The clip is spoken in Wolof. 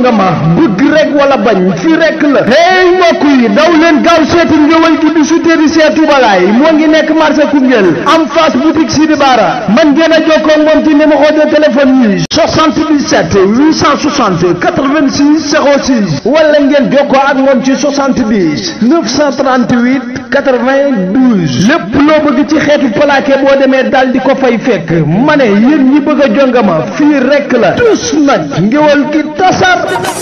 nga ma bëgg rek wala bañ fi rek la hey mbokk yi daw leen gaaw seeti ngéwél gi di sutérisee tubalaay moo ngi nekk marché Koungheul am face boutique Sidi Bara man ngeen a jokkoo moom ci numéro de téléphone yi wala ngeen jokkoo ak moom ci 70 92 lépp loo bëgg ci xeetu plaqué boo demee daal di ko fay fekk ma ne yéen ñi bëgg a jongama fii rekk la tus nag ngéwal gi tasar